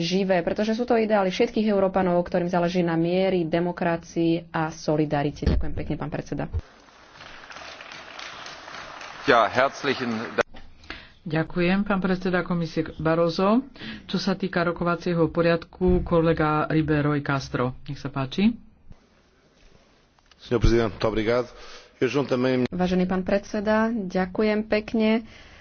živé, pretože sú to ideály všetkých Európanov, ktorým záleží na miery, demokracii a solidarite. Ďakujem pekne, pán predseda. Ja, herzlichen... Ďakujem, pán predseda komisie Barozo. Čo sa týka rokovacieho poriadku, kolega Riberoj Castro. Nech sa páči. Vážený pán predseda, ďakujem pekne.